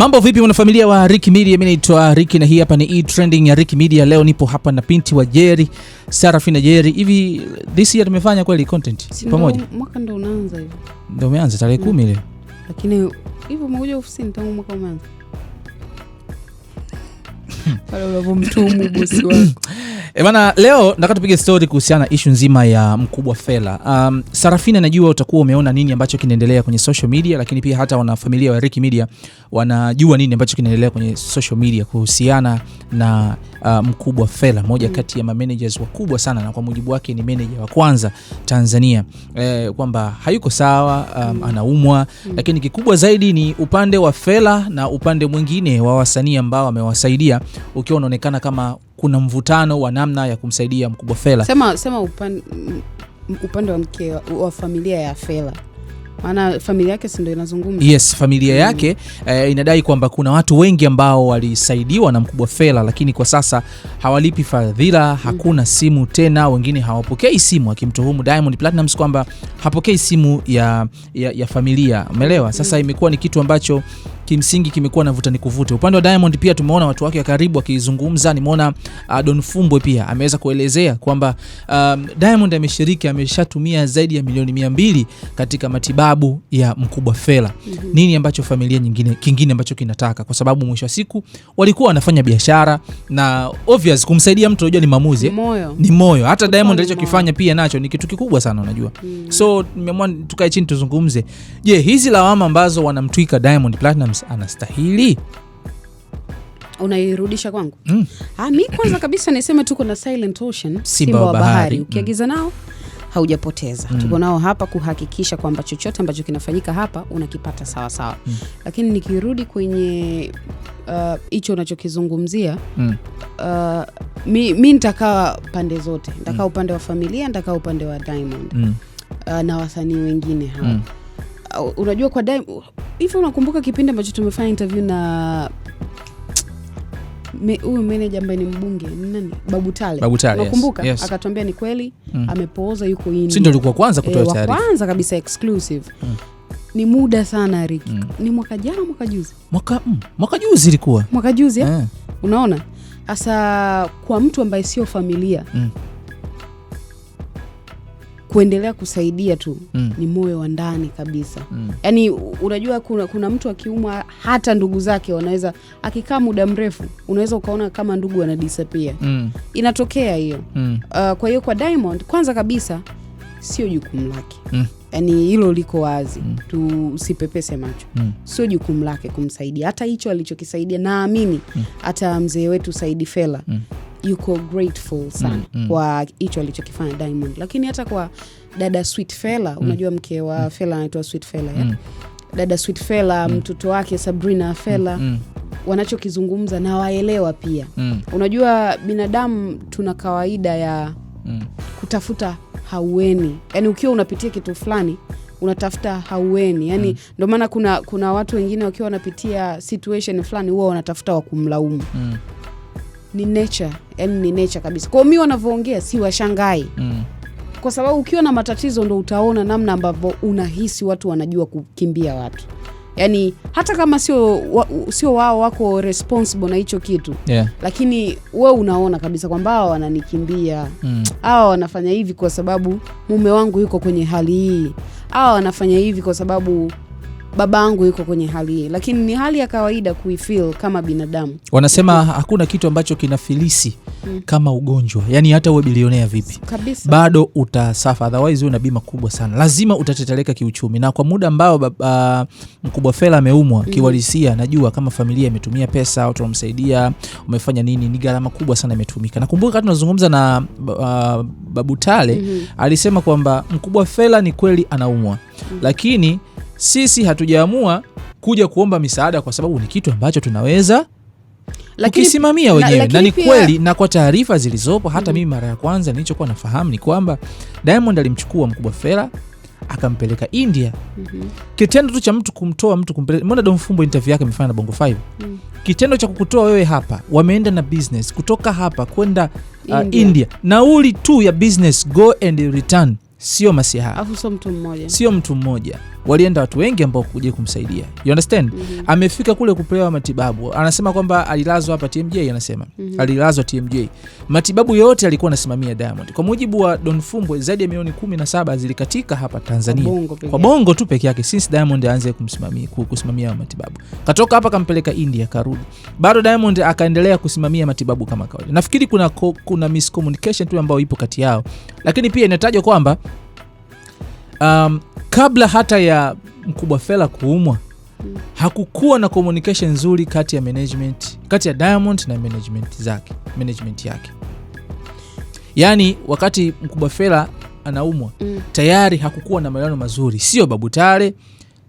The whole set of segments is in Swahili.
Mambo vipi mwanafamilia wa Rick Media? Mimi naitwa Rick na hii hapa ni e trending ya Rick Media. Leo nipo hapa na binti wa Jerry, Sarafina Jerry. Hivi this year tumefanya kweli content pamoja. Mwaka ndo unaanza hivi. Ndio umeanza tarehe 10 ile. Lakini hivi umekuja ofisini tangu mwaka umeanza. Pale unavomtumu bosi wako. E bana, leo nataka tupige story kuhusiana na issue nzima ya mkubwa Fela. Um, Sarafina najua utakuwa umeona nini ambacho kinaendelea kwenye social media, lakini pia hata wanafamilia wa Rick Media wanajua nini ambacho kinaendelea kwenye social media kuhusiana na uh, mkubwa Fela, moja kati ya managers wakubwa sana na kwa mujibu wake ni manager wa kwanza Tanzania, e, kwamba hayuko sawa, um, anaumwa, lakini kikubwa zaidi ni upande wa Fela na upande mwingine wa wasanii ambao amewasaidia ukiwa unaonekana kama kuna mvutano wa namna ya kumsaidia mkubwa Fela. Sema, sema upande upande wa mke wa familia ya Fela maana familia yake si inazungumza? Yes, familia yake mm. Eh, inadai kwamba kuna watu wengi ambao walisaidiwa na mkubwa Fela, lakini kwa sasa hawalipi fadhila, mm-hmm. hakuna mm. simu tena, wengine hawapokei simu, akimtuhumu Diamond platinums kwamba hapokei simu ya, ya, ya familia. Umeelewa? Mm-hmm. Sasa mm. imekuwa ni kitu ambacho kimsingi kimekuwa na vuta nikuvute. Upande wa Diamond pia tumeona watu wake wa karibu wakizungumza, nimeona uh, Don Fumbwe pia ameweza kuelezea kwamba um, Diamond ameshiriki, ameshatumia zaidi ya milioni mia mbili katika matibabu ya mkubwa Fela. mm -hmm. Nini ambacho familia nyingine kingine ambacho kinataka, kwa sababu mwisho wa siku walikuwa wanafanya biashara na obvious, kumsaidia mtu unajua ni maamuzi, ni moyo. Hata Diamond alichokifanya pia nacho ni kitu kikubwa sana unajua. mm -hmm. So tukae chini tuzungumze, je, hizi lawama ambazo wanamtwika Diamond Platinum anastahili? Unairudisha kwangu mm. Ah, mi kwanza kabisa niseme tuko na Silent Ocean, simba, wa bahari, ukiagiza mm. nao haujapoteza mm. Tuko nao hapa kuhakikisha kwamba chochote ambacho kinafanyika hapa unakipata sawasawa mm. Lakini nikirudi kwenye uh, hicho uh, unachokizungumzia mm. uh, mi, mi nitakaa pande zote, ntakaa mm. upande wa familia, ntakaa upande wa Diamond mm. uh, na wasanii wengine hawa mm unajua kwa dai hivi, unakumbuka kipindi ambacho tumefanya interview na huyu meneja ambaye ni mbunge nani, Babu Tale, nakumbuka yes, yes. Akatwambia ni kweli mm. Amepooza yuko ndio alikuwa kwanza kutoa eh, taarifa e, kwanza kabisa exclusive mm. Ni muda sana Riki mm. Ni mwaka jana mwaka juzi mwaka, mm. mwaka juzi ilikuwa mwaka juzi eh. eh. Unaona hasa kwa mtu ambaye sio familia mm kuendelea kusaidia tu mm. ni moyo wa ndani kabisa mm. Yaani, unajua kuna, kuna mtu akiumwa hata ndugu zake wanaweza, akikaa muda mrefu unaweza ukaona kama ndugu anadisapia mm. inatokea hiyo mm. Uh, kwa hiyo kwa Diamond kwanza kabisa sio jukumu lake mm. Yaani hilo liko wazi mm. tusipepese macho mm. sio jukumu lake kumsaidia hata hicho alichokisaidia, naamini mm. hata mm. mzee wetu Saidi Fela mm yuko grateful sana mm, mm. kwa hicho alichokifanya Diamond, lakini hata kwa dada Sweet Fela mm. unajua mke wa mm. Fela anaitwa Sweet Fela mm. dada Sweet Fela mm. mtoto wake Sabrina Fela mm, mm wanachokizungumza na waelewa pia mm. Unajua, binadamu tuna kawaida ya mm. kutafuta haueni, yani ukiwa unapitia kitu fulani unatafuta haueni, yani mm. Ndo maana kuna, kuna watu wengine wakiwa wanapitia situation fulani huwa wanatafuta wa kumlaumu mm ni nature, yani ni nature kabisa. kwao mi wanavyoongea si washangai mm. kwa sababu ukiwa na matatizo ndo utaona namna ambavyo unahisi watu wanajua kukimbia watu yani hata kama sio wa, sio wao wako responsible na hicho kitu yeah. Lakini we unaona kabisa kwamba hawa wananikimbia mm. hawa mm. wanafanya hivi kwa sababu mume wangu yuko kwenye hali hii, hawa wanafanya hivi kwa sababu babangu yuko kwenye hali hii, lakini ni hali ya kawaida kuifil kama binadamu. Wanasema hakuna kitu ambacho kina filisi mm. kama ugonjwa, yani hata uwe bilionea vipi kabisa, bado utasafa, otherwise una bima kubwa sana, lazima utateteleka kiuchumi. Na kwa muda ambao uh, mkubwa fela ameumwa mm. kiwalisia, najua kama familia imetumia pesa, watu umefanya nini, ni gharama kubwa sana imetumika. Nakumbuka kati tunazungumza na uh, Babu Tale mm -hmm. alisema kwamba mkubwa fela ni kweli anaumwa mm -hmm. lakini sisi hatujaamua kuja kuomba misaada kwa sababu ni kitu ambacho tunaweza kukisimamia wenyewe na ni kweli, na kwa taarifa zilizopo hata mm, mimi mara ya kwanza nilichokuwa nafahamu ni kwamba Diamond alimchukua mkubwa Fela akampeleka India. mm -hmm. Kitendo tu cha mtu kumtoa mtu kumpeleka, mbona interview yake imefanya na Bongo 5. mm. Kitendo cha kukutoa wewe hapa, wameenda na business kutoka hapa kwenda uh, India. India nauli tu ya business go and return sio masiha, sio mtu mmoja, walienda watu wengi ambao kuja kumsaidia, you understand mm -hmm. Amefika kule kupewa matibabu, anasema kwamba alilazwa hapa TMJ, anasema mm -hmm. alilazwa TMJ, matibabu yote alikuwa anasimamia Diamond. Kwa mujibu wa Don Fumbwe, zaidi ya milioni 17 zilikatika hapa Tanzania kwa bongo, tu peke yake, since Diamond aanze kusimamia matibabu. Katoka hapa kampeleka India, karudi bado Diamond akaendelea kusimamia matibabu kama kawaida. Nafikiri kuna, kuna miscommunication tu ambayo ipo kati yao, lakini pia inatajwa kwamba um, kabla hata ya mkubwa Fela kuumwa hakukuwa na communication nzuri kati ya management, kati ya Diamond na management zake, management yake. Yaani wakati mkubwa Fela anaumwa mm. tayari hakukuwa na maelewano mazuri, sio Babu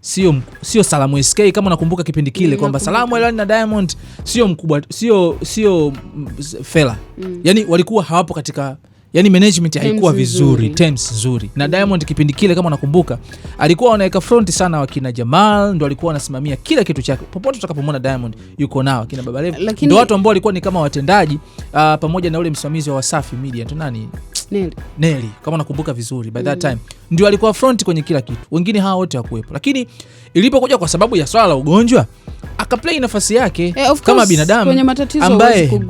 sio sio Salamu SK kama unakumbuka kipindi kile mm, kwamba Salamu Elani na Diamond sio mkubwa, sio sio mm, Fela mm. yaani walikuwa hawapo katika yani management haikuwa vizuri, tems nzuri na Diamond kipindi kile, kama nakumbuka, alikuwa anaweka front sana wakina Jamal, ndo alikuwa anasimamia kila kitu chake. Popote utakapomwona Diamond yuko nao akina babalevu ndo watu ambao walikuwa ni kama watendaji uh, pamoja na ule msimamizi wa Wasafi Media, ndo Neli. Neli, kama nakumbuka vizuri by that mm. time ndio alikuwa front kwenye kila kitu, wengine hawa wote hakuwepo, lakini ilipokuja kwa sababu ya swala la ugonjwa akaplay nafasi yake eh, course, kama binadamu ambaye,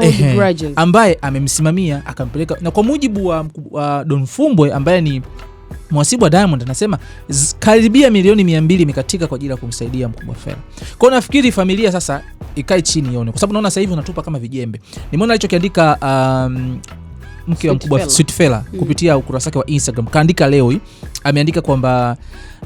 eh, ambaye amemsimamia akampeleka, na kwa mujibu wa, wa Don Fumbwe ambaye ni mwasibu wa Diamond anasema karibia milioni mia mbili imekatika kwa ajili ya kumsaidia Mkubwa Fela. Kwa hiyo nafikiri familia sasa ikae chini ione, kwa sababu naona sasa hivi unatupa kama vijembe. Nimeona alichokiandika um, mke wa mkubwa sitfela mm. kupitia ukurasa wake wa Instagram kaandika leo hii, ameandika kwamba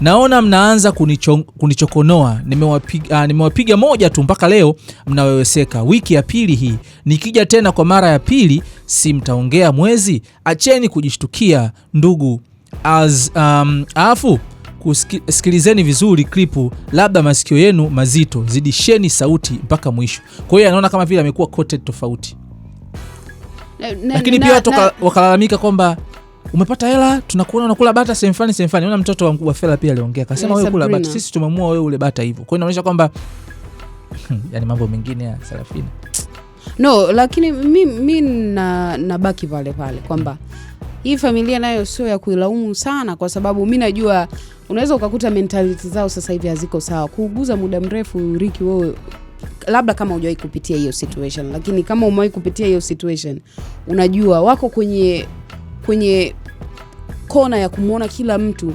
naona mnaanza kunicho, kunichokonoa. Nimewapiga ah, nimewapiga moja tu mpaka leo mnaweweseka. Wiki ya pili hii nikija tena kwa mara ya pili, si mtaongea mwezi? Acheni kujishtukia ndugu. As, um, afu kusikilizeni vizuri klipu, labda masikio yenu mazito, zidisheni sauti mpaka mwisho. Kwa hiyo anaona kama vile amekuwa tofauti lakini pia watu wakalalamika kwamba umepata hela tunakuona unakula bata sehemu fulani sehemu fulani. Ona mtoto wa Fela pia aliongea kasema wewe kula bata, sisi tumemua wewe ule bata hivo kwao inaonyesha kwamba yani mambo mengine ya Sarafina no, lakini mi, mi na nabaki pale pale kwamba hii familia nayo sio ya kuilaumu sana, kwa sababu mi najua unaweza ukakuta mentality zao sasa hivi haziko sawa. Kuuguza muda mrefu, Riki, wewe labda kama hujawahi kupitia hiyo situation, lakini kama umewahi kupitia hiyo situation, unajua wako kwenye kwenye kona ya kumwona kila mtu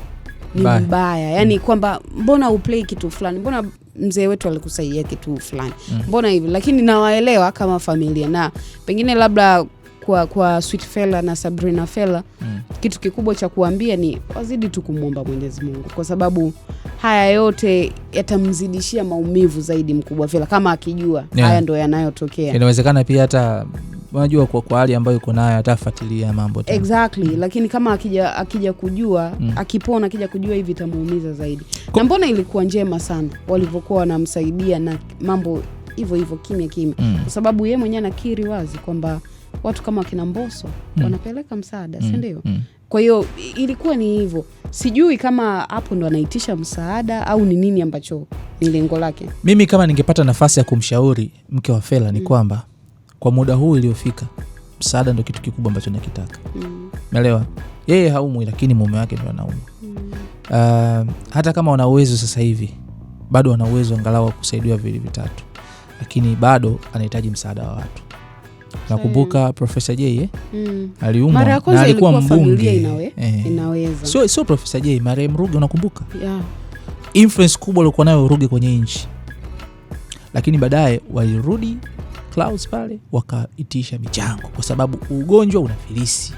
ni Bye. mbaya, yani kwamba mbona uplay kitu fulani, mbona mzee wetu alikusaidia kitu fulani, mm. mbona hivi. Lakini nawaelewa kama familia, na pengine labda kwa, kwa Sweet fela na Sabrina fela mm. Kitu kikubwa cha kuambia ni wazidi tu kumwomba Mwenyezi Mungu kwa sababu haya yote yatamzidishia maumivu zaidi Mkubwa fela kama akijua yeah. Haya ndo yanayotokea, inawezekana pia hata unajua kwa, kwa hali ambayo iko nayo atafuatilia mambo tena. Exactly, mm. lakini kama akija akija kujua mm. akipona akija kujua hivi itamuumiza zaidi Kup. na mbona ilikuwa njema sana walivyokuwa wanamsaidia na mambo hivyo hivyo kimya kimya mm. kwa sababu yeye mwenyewe anakiri wazi kwamba watu kama wakina mboso mm. wanapeleka msaada mm. sindio mm. Kwa hiyo ilikuwa ni hivyo, sijui kama hapo ndo anaitisha msaada au ni nini ambacho ni lengo lake. Mimi kama ningepata nafasi ya kumshauri mke wa Fela ni mm. kwamba kwa muda huu iliyofika, msaada ndo kitu kikubwa ambacho nakitaka. Naelewa mm. yeye haumwi, lakini mume wake ndo anaumwa mm. uh, hata kama wana uwezo sasa hivi bado wana uwezo angalau wa kusaidiwa vili vitatu, lakini bado anahitaji msaada wa watu nakumbuka Profesa J eh? Mm. alikuwa eh. Profesa J, marehemu Ruge, unakumbuka yeah. influence kubwa aliokuwa nayo Ruge kwenye nchi, lakini baadaye walirudi Clouds pale wakaitisha michango kwa sababu ugonjwa unafilisi,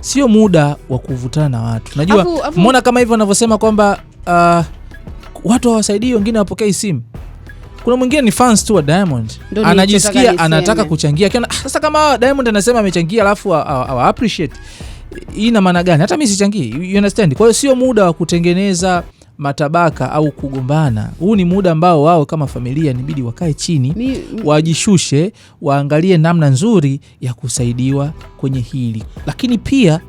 sio muda wa kuvutana na watu. Najua mona kama hivyo wanavyosema kwamba uh, watu hawasaidii wengine, wapokei simu kuna mwingine ni fans tu wa Diamond anajisikia anataka kuchangia kiona. Ah, sasa kama Diamond anasema amechangia alafu awa appreciate, hii ina maana gani? Hata mimi sichangii, you understand. Kwa hiyo sio muda wa kutengeneza matabaka au kugombana. Huu ni muda ambao wao kama familia inabidi wakae chini, mi, wajishushe, waangalie namna nzuri ya kusaidiwa kwenye hili. Lakini pia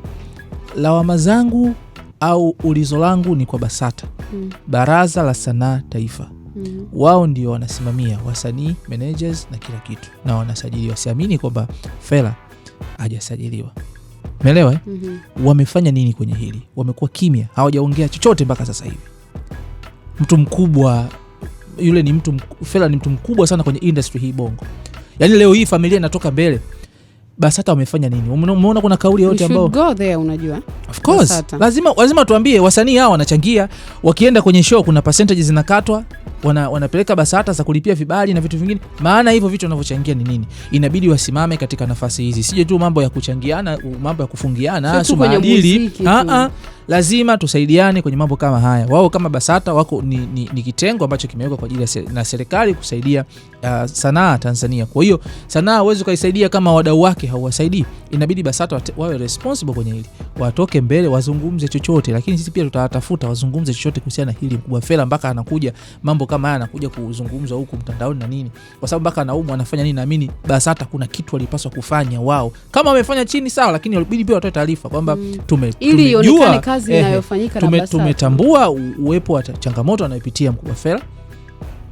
lawama zangu au ulizo langu ni kwa BASATA, hmm, Baraza la Sanaa Taifa mm. wao ndio wanasimamia wasanii managers na kila kitu na wanasajiliwa. Siamini kwamba Fela hajasajiliwa. meelewa eh? mm -hmm. Wamefanya nini kwenye hili? Wamekuwa kimya, hawajaongea chochote mpaka sasa hivi. Mtu mkubwa yule, ni mtu Fela ni mtu mkubwa sana kwenye industry hii Bongo, yaani leo hii familia inatoka mbele, basi hata wamefanya nini? Umeona kuna kauli yoyote ambao unajua Of course. Lazima, lazima tuambie wasanii hao wanachangia, wakienda kwenye show kuna percentage zinakatwa wana, wanapeleka BASATA za kulipia vibali na vitu vingine. Maana hivyo vitu wanavyochangia ni nini? Inabidi wasimame katika nafasi hizi, sije tu mambo ya kuchangiana, mambo ya kufungiana, sio maadili. Lazima tusaidiane kwenye mambo kama haya. Wao kama BASATA wako ni, ni, ni kitengo ambacho kimewekwa kwa ajili na serikali kusaidia uh, sanaa Tanzania. Kwa hiyo sanaa huwezi ukaisaidia kama wadau wake hauwasaidii. Inabidi BASATA wawe responsible kwenye hili, watoke wapeleke mbele, wazungumze chochote, lakini sisi pia tutawatafuta wazungumze chochote kuhusiana na hili. Mkubwa fela mpaka anakuja mambo kama haya anakuja kuzungumzwa huku mtandaoni na nini, kwa sababu mpaka anaumwa anafanya nini. Naamini BASATA kuna kitu walipaswa kufanya wao, kama wamefanya chini sawa, lakini walibidi pia watoe taarifa kwamba mm. tume, ili ionekane kazi inayofanyika na Tumetambua uwepo wa changamoto anayopitia Mkubwa fela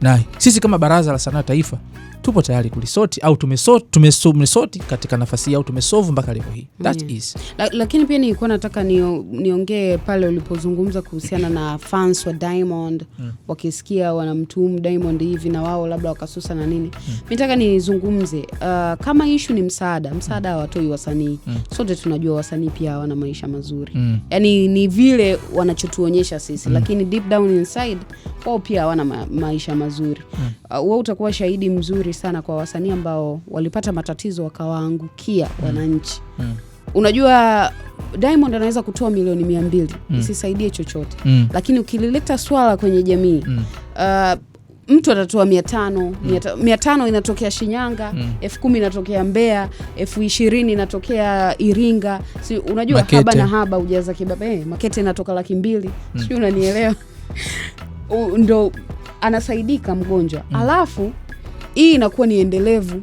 na sisi kama Baraza la Sanaa Taifa tupo tayari kulisoti au tumesoti katika nafasi au tumesovu mpaka levo hii that yeah. is la, lakini pia nilikuwa nataka niongee ni pale ulipozungumza kuhusiana na fans wa Diamond mm. wakisikia wanamtuhumu Diamond hivi na wao labda wakasusa na nini mm. mitaka nizungumze uh, kama ishu ni msaada msaada hawatoi wasanii mm. sote tunajua wasanii pia hawana maisha mazuri mm. yani ni vile wanachotuonyesha sisi mm. lakini deep down inside wao pia hawana ma maisha mazuri mm. uh, wao utakuwa shahidi mzuri nzuri sana kwa wasanii ambao walipata matatizo wakawaangukia mm. wananchi mm. mm. Unajua Diamond anaweza kutoa milioni mia mbili mm. isisaidie chochote mm. lakini ukilileta swala kwenye jamii mm. uh, mtu atatoa mia tano mm. mia tano inatokea Shinyanga mm. elfu kumi inatokea mbea elfu ishirini inatokea Iringa, si unajua makete. haba na haba ujaza kibaba eh, makete inatoka laki mbili mm. sijui unanielewa ndo anasaidika mgonjwa mm. alafu hii inakuwa ni endelevu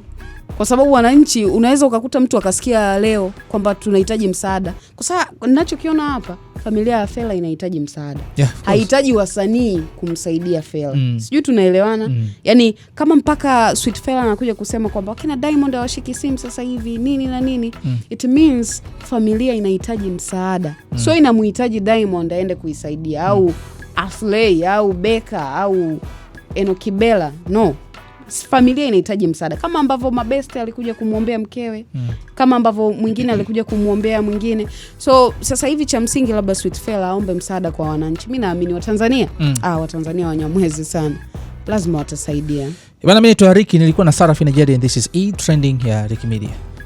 kwa sababu wananchi, unaweza ukakuta mtu akasikia leo kwamba tunahitaji msaada. Kwa sababu ninachokiona hapa, familia ya Fela inahitaji msaada yeah, hahitaji wasanii kumsaidia Fela mm. Sijui tunaelewana mm. Yani kama mpaka Sweet Fela anakuja kusema kwamba wakina Diamond hawashiki simu sasa hivi nini na nini mm. It means familia inahitaji msaada mm. So inamhitaji Diamond aende kuisaidia mm. au Aslay au Beka au Enokibela no familia inahitaji msaada kama ambavyo mabeste alikuja kumwombea mkewe mm. kama ambavyo mwingine alikuja kumwombea mwingine. So sasa hivi cha msingi labda Sweet aombe msaada kwa wananchi. Mi naamini Watanzania mm. ah, Watanzania wanyamwezi sana, lazima watasaidia bana. Mi naitwa Riki, nilikuwa na sarafi nigeria and this is e trending ya rikimedia